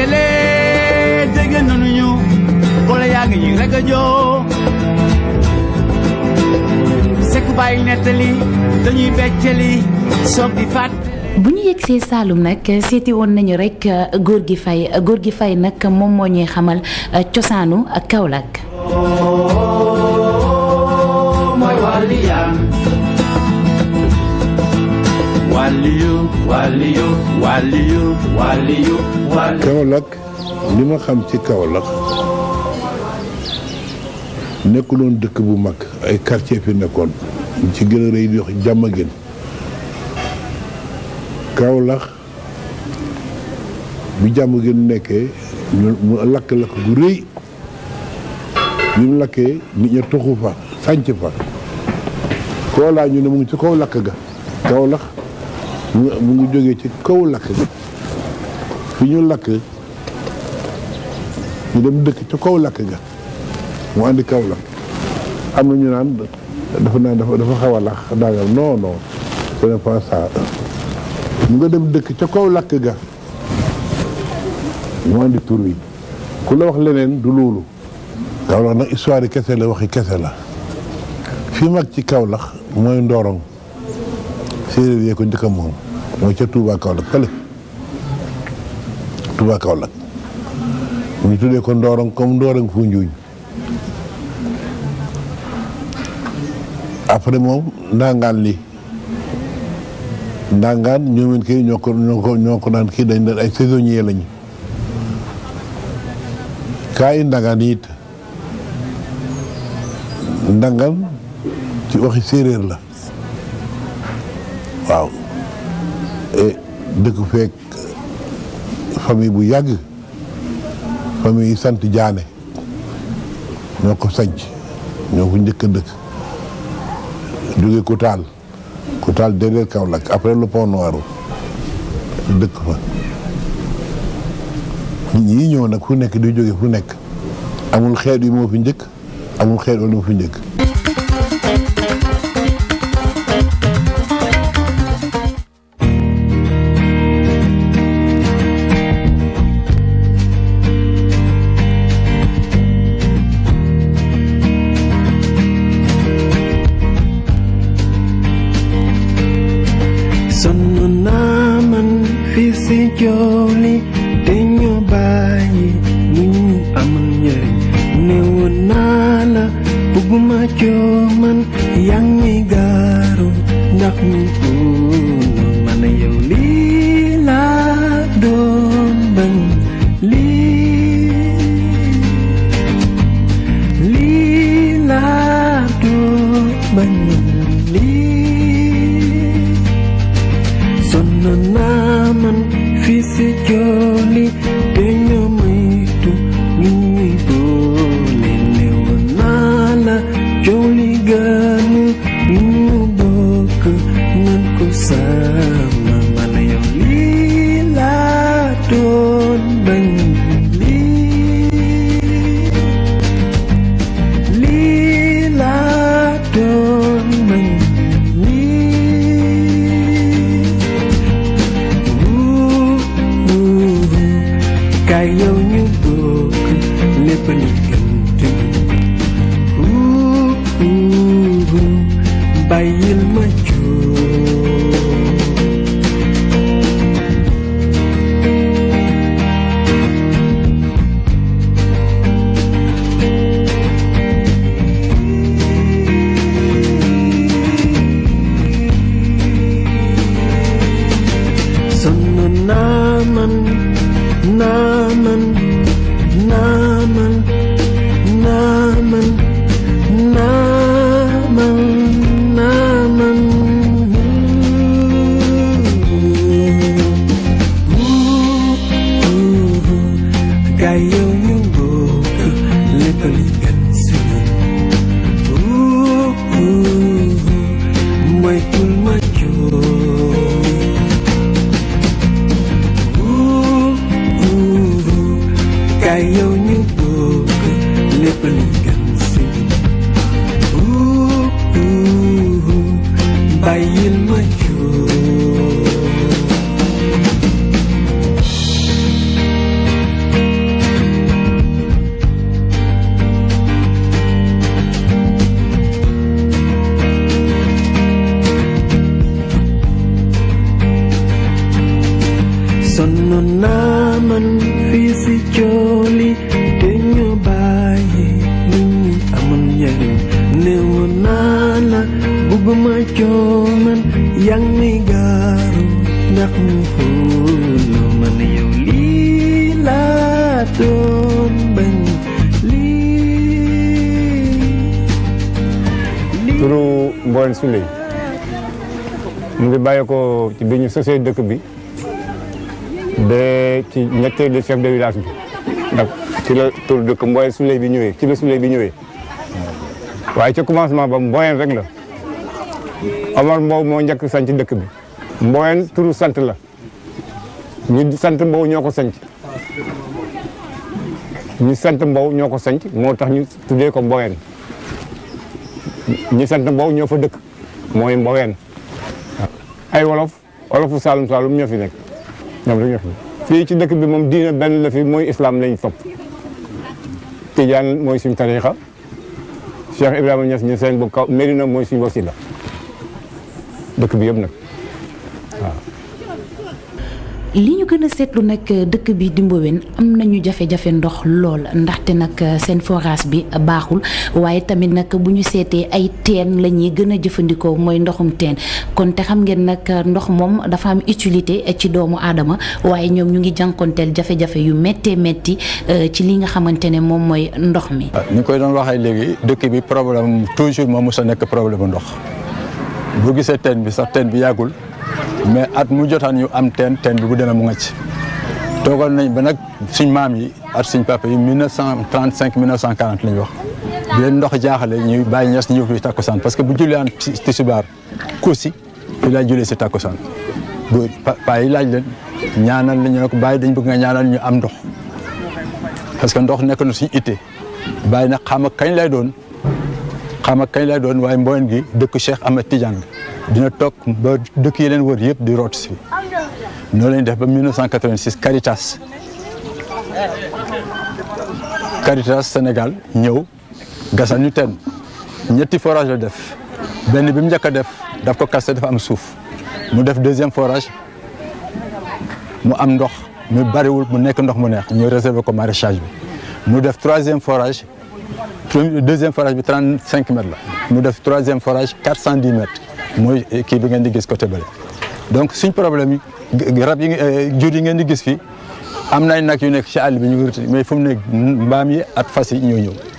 dajale dégg nanu ñu boole yaa ngi ñi rek a joo sekku nettali dañuy beccali soog di fàtt bu ñu yegsee Saalum nag seeti woon nañu rekk góor gi fay góor gi fay nag moom moo ñuy xamal cosaanu Kaolack waliyu waliyu waliyu waliyu Kaolack li ma xam ci Kaolack nekkuloon dëkk bu mag ay quartier fi nekkoon ci gën a rëy di wax jàmm gën Kaolack bi jàmm gën nekkee mu lakk-lakk gu rëy bi mu lakkee nit ña toxu fa sànc fa Kaolack ñu ne mu ngi ci kaw lakk ga Kaolack mu nga jóge ci kaw lakk fi ñu lakk ñu dem dëkk ca kaw lakk ga mu àndi kaw lakk am na ñu naan dafa naan dafa dafa xaw a lax daagal non non pas ça mu nga dem dëkk ca kaw lakk ga mu andi tur wi ku la wax leneen du luulu kaw lax nag histoire yi kese la waxi kese la fi mag ci kaw lax mooy Ndorong séeréer yee ko njëkk a moom mooy ca Touba Kaolack fële Touba Kaolack ñu tuddee ko Ndorong comme Ndorong fu njuuñ après moom ndangaan li ndangaan ñoomen kii ñoo ko ñoo ko ñoo ko kii dañ daan ay saisonnier lañu kaa yi ndangaan it ndangaan ci waxi séeréer la waaw eh, dëkk feek eh, famille bu yàgg fami famille sant jaane ñoo ko sanc ñoo ko njëkk a dëkk jóge Koutal Koutal derrière Kaolack après le pont noir dëkk fa ñii ñëw nag fu nekk di jóge fu nekk amul xeet yu moo fi njëkk amul xeet wala moo fi njëkk ñu bokk lépp liggante bàyyil ma ñu bëgg lépp lu medyo man yang may garo na kuhulo man ayaw lilaton banli turu Ngoné Souleye mu ngi bàyyi ci bi ñu sosee dëkk bi de ci ñetteelu chef de village bi ndax ci la tur dëkk Ngoné Souleye bi ñëwee ci la Souleye bi ñëwee waaye ca commencement ba Ngoné rek la Omar Mbow moo njëkk sanc dëkk bi Mbowen turu sant la ñu sant Mbow ñoo ko sañc ñu sant Mbow ñoo ko sanc moo tax ñu tuddee ko Mbowen ñi sant Mbow ñoo fa dëkk mooy Mbowen ay wolof wolofu Saalum Saalum ñoo fi nekk ñoom rek ñoo fi fii ci dëkk bi moom diina benn la fi mooy islaam lañ topp Tijaan mooy suñ tariixa Cheikh Ibrahima Niass ñu seen bu kaw Medina mooy suñu wasila dëkk bi yëpp nag li ñu gën a seetlu nag dëkk bi dimbowen Mbowen am nañu jafe-jafe ndox lool ndaxte nag seen forage bi baaxul waaye tamit nag bu ñu seetee ay teen lañuy ñuy gën a jëfandikoo mooy ndoxum teen kon te xam ngeen nag ndox moom dafa am utilité ci doomu aadama waaye ñoom ñu ngi jànkonteel jafe-jafe yu mettee métti euh, ci li nga xamante ne moom mooy ndox mi. Ah, ñu koy doon waxee léegi dëkk bi problème toujours moom mos a nekk problème ndox. bu gisee teen bi sax teen bi yàggul mais at mu jotaan ñu am teen teen bi bu demee mu ngacc toogal nañ ba nag suñ maam yi ak suñ papa yi 1935 1940 la ñu wax di leen ndox jaaxale ñuy bàyyi ñes ñëw fi takkusaan parce que bu julliwaan tisbaar Kossy fi lay jullee si takkusaan bu paa yi laaj leen ñaanal la ñu ne ko bàyyi dañ bëgg nga ñaanal ñu am ndox parce que ndox nekk na suñu ite bàyyi nag xam kañ lay doon. xama kañ lay doon waaye Mboyeen gi dëkk Cheikh Ahmed Tidiane dina toog ba dëkk yi leen wër yëpp di root si noonu lañ def ba 1986 Caritas Caritas Sénégal ñëw gasal ñu teen ñetti forage la def benn bi mu njëkk a def daf ko kaste dafa am suuf mu def deuxième forage mu am ndox mu bariwul mu nekk ndox mu neex ñu réserver ko maraîchage bi mu def troisième forage deuxième forage bi 35 mètres la mu def troisième forage 410 mètres mooy kii bi ngeen di gis côté bële donc suñ problème yi rab yi jur yi ngeen di gis fii am nañ nag yu nekk ci àll bi ñu mais fu mu nekk mbaam yi at fas yi ñoo ñëw